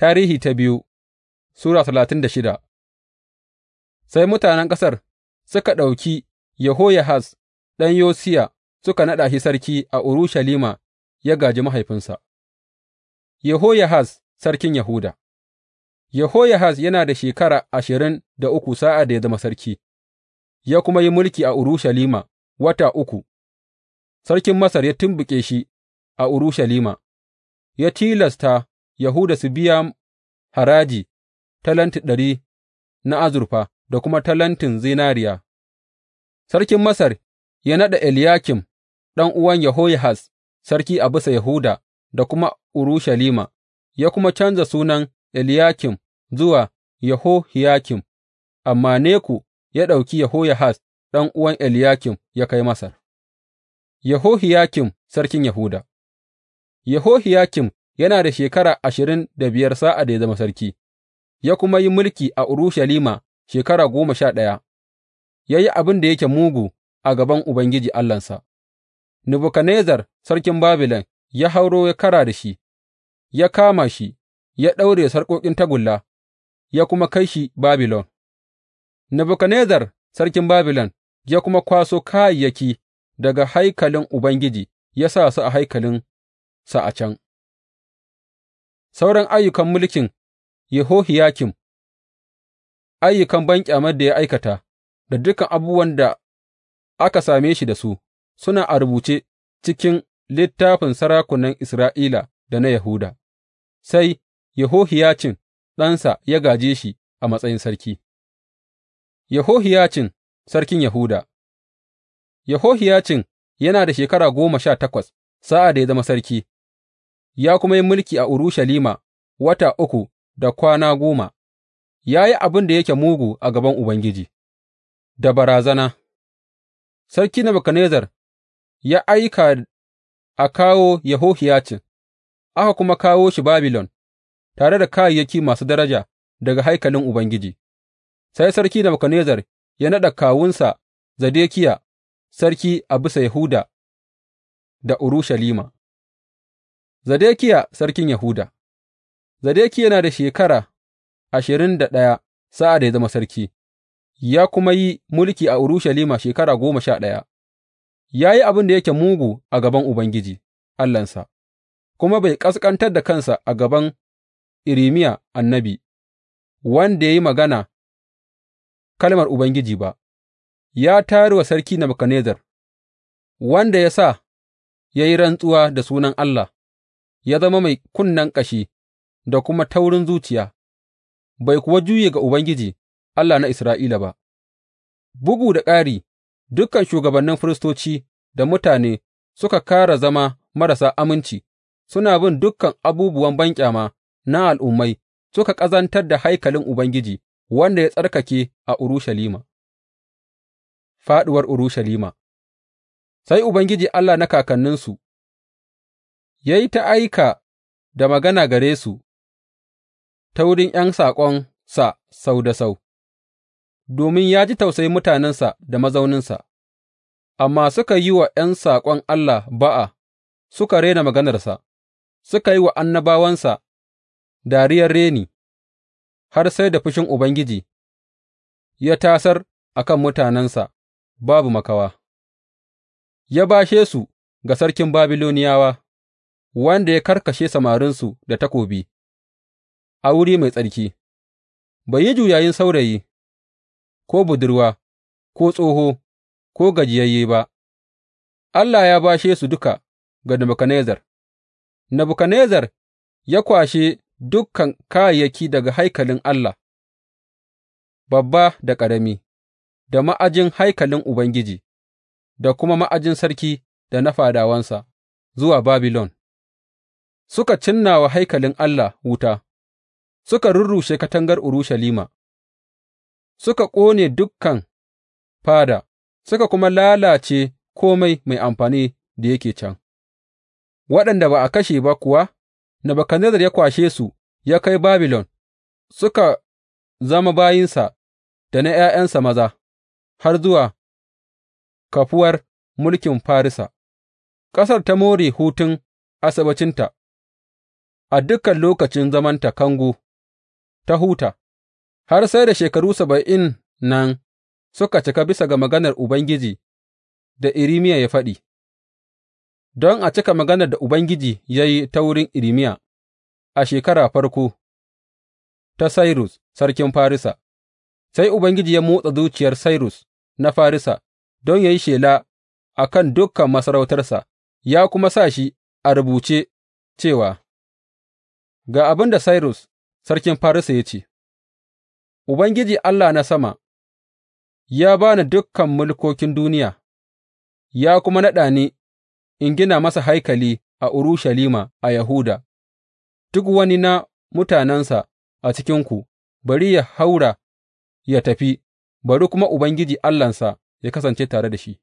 Tarihi ta biyu Sura talatin da shida Sai mutanen ƙasar suka ɗauki Yehoyahaz ɗan Yosiya suka naɗa shi sarki a Urushalima ya gaji mahaifinsa, Yehoyahaz sarkin Yahuda Yehoyahaz yana da shekara ashirin da uku sa'ad da ya zama sarki, ya kuma yi mulki a Urushalima wata uku, sarkin Masar ya tumbuke shi a Urushalima, ya tilasta Yahuda su biya haraji talenti ɗari na azurfa da kuma talentin zinariya. Sarkin Masar ya naɗa Eliyakim uwan Yehoyahaz sarki a bisa Yahuda da kuma Urushalima, ya kuma canza sunan Eliyakim zuwa Yehohiyakim, amma Neku ya ɗauki Yehoyahaz uwan Eliyakim ya kai Masar. Yehohiyakim sarkin Yahuda Yehohiyakim yana da shekara ashirin da biyar sa'ad da ya zama sarki, ya kuma yi mulki a Urushalima shekara goma sha ɗaya, ya yi abin da yake mugu a gaban Ubangiji Allahnsa. Nebukadnezzar sarkin Babilon ya hauro ya kara da shi, ya kama shi, ya ɗaure sarƙoƙin tagulla, ya kuma kai shi Babilon. Nebukadnezzar sarkin Babilon ya kuma kwaso kayayyaki daga haikalin Ubangiji ya sa su a haikalinsa a can. Sauran ayyukan mulkin Yehohiyakim, ayyukan banƙyamar da ya aikata, da dukan abubuwan da aka same shi da su, suna a rubuce cikin littafin sarakunan Isra'ila da na Yahuda, sai Yehohiyacin ɗansa ya gaje shi a matsayin sarki. Yehohiyacin sarkin Yahuda Yehohiyacin yana da shekara goma sha takwas sa'ad da ya zama sarki, ya kuma yi mulki a Urushalima wata uku da kwana goma, ya yi abin da yake mugu a gaban Ubangiji, da barazana. Sarki Nebukadnezzar ya aika a kawo Yahohiyacin, aka kuma kawo shi Babilon tare da kayayyaki masu daraja daga haikalin Ubangiji, sai sarki Nebukadnezzar ya naɗa kawunsa zadekiya sarki a bisa Yahuda da Urushalima. Zedekiya sarkin Yahuda Zedekiya yana da shekara ashirin da ɗaya sa'ad da ya zama sarki, ya kuma yi mulki a Urushalima shekara goma sha ɗaya, ya yi abin da yake mugu a gaban Ubangiji Allahnsa, kuma bai ƙasƙantar da kansa a gaban Irimiya annabi, wanda ya yi magana kalmar Ubangiji ba, ya tayar wa sarki Nebukadnezzar, wanda ya sa ya yi rantsuwa da sunan Allah. ya zama mai kunnen ƙashi da kuma taurin zuciya, bai kuwa juye ga Ubangiji Allah na Isra'ila ba, bugu da ƙari, dukan shugabannin firistoci da mutane suka kara zama marasa aminci, suna bin dukan abubuwan banƙyama na al'ummai suka ƙazantar da haikalin Ubangiji wanda ya tsarkake a Urushalima. Faɗuwar Urushalima Sai Ubangiji Allah na kakanninsu ya yi ta aika da magana gare su ta wurin ’yan saƙonsa sau da sau, domin ya ji tausayin mutanensa da mazauninsa, amma suka yi wa ’yan saƙon Allah ba'a, suka rena maganarsa, suka yi wa annabawansa dariyar reni, har sai da fushin Ubangiji ya tasar a kan mutanensa babu makawa, ya bashe su ga sarkin Babiloniyawa. wanda ya karkashe samarinsu da takobi a wuri mai tsarki, bai yi juyayin saurayi, ko budurwa, ko tsoho, ko gajiyayye ba, Allah ya bashe su duka ga Nebuchadnezzar. Nebuchadnezzar ya kwashe dukkan kayayyaki daga haikalin Allah, babba da ƙarami, da ma'ajin haikalin Ubangiji, da kuma ma'ajin sarki da na fadawansa zuwa Babilon. suka cinna wa haikalin Allah wuta, suka rurrushe katangar Urushalima, suka ƙone dukkan fada, suka kuma lalace kome mai amfani da yake can, waɗanda ba a kashe ba kuwa, Nebukadnezzar ya kwashe su ya kai Babilon, suka zama bayinsa da na ’ya'yansa maza har zuwa kafuwar mulkin Farisa, ƙasar ta more hutun asabacinta. a dukan lokacin zamanta kango ta huta, har sai da shekaru saba'in nan suka cika bisa ga maganar Ubangiji da Irimiya ya faɗi, don a cika maganar da Ubangiji ya yi ta wurin Irimiya a shekara farko ta Sairus sarkin Farisa, sai Ubangiji ya motsa zuciyar Sairus na Farisa don ya yi shela a kan dukan masarautarsa, ya kuma sa shi a rubuce cewa. Ga abin da Sairus sarkin Farisa ya ce, Ubangiji Allah na sama ya ba ni dukan mulkokin duniya, ya kuma naɗa ni in gina masa haikali a Urushalima a Yahuda, duk wani na mutanensa a cikinku, bari ya haura ya tafi, bari kuma Ubangiji Allahnsa ya kasance tare da shi.